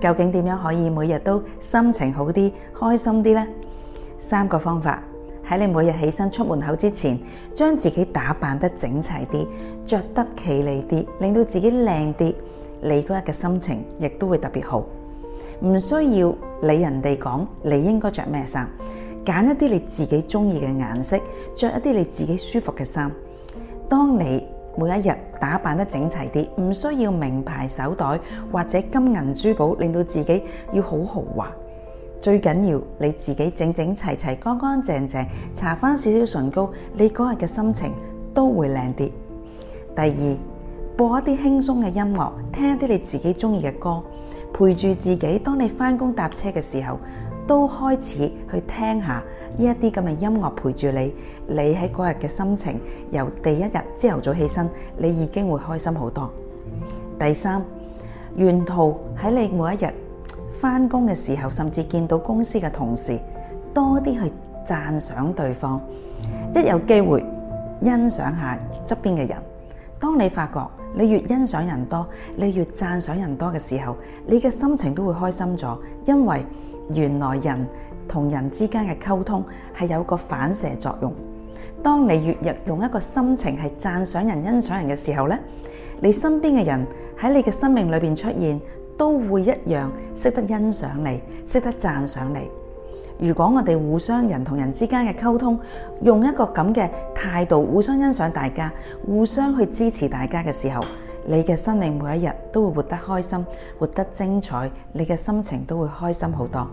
究竟點樣可以每日都心情好啲、開心啲呢？三個方法。喺你每日起身出門口之前，將自己打扮得整齊啲、着得企理啲，令到自己靚啲，你嗰日嘅心情亦都會特別好。唔需要理人哋講你應該着咩衫，揀一啲你自己中意嘅顏色，着一啲你自己舒服嘅衫。當你每一日打扮得整齊啲，唔需要名牌手袋或者金銀珠寶，令到自己要好豪華。最緊要你自己整整齊齊、乾乾淨淨，搽翻少少唇膏，你嗰日嘅心情都會靚啲。第二，播一啲輕鬆嘅音樂，聽一啲你自己中意嘅歌，陪住自己。當你翻工搭車嘅時候。都開始去聽下呢一啲咁嘅音樂，陪住你。你喺嗰日嘅心情，由第一日朝頭早起身，你已經會開心好多。第三，沿途喺你每一日返工嘅時候，甚至見到公司嘅同事，多啲去讚賞對方。一有機會欣賞下側邊嘅人，當你發覺你越欣賞人多，你越讚賞人多嘅時候，你嘅心情都會開心咗，因為，原來人同人之間嘅溝通係有個反射作用。當你越日用一個心情係讚賞人、欣賞人嘅時候咧，你身邊嘅人喺你嘅生命裏邊出現，都會一樣識得欣賞你、識得讚賞你。如果我哋互相人同人之間嘅溝通，用一個咁嘅態度，互相欣賞大家，互相去支持大家嘅時候。你嘅生命每一日都會活得開心，活得精彩，你嘅心情都會開心好多。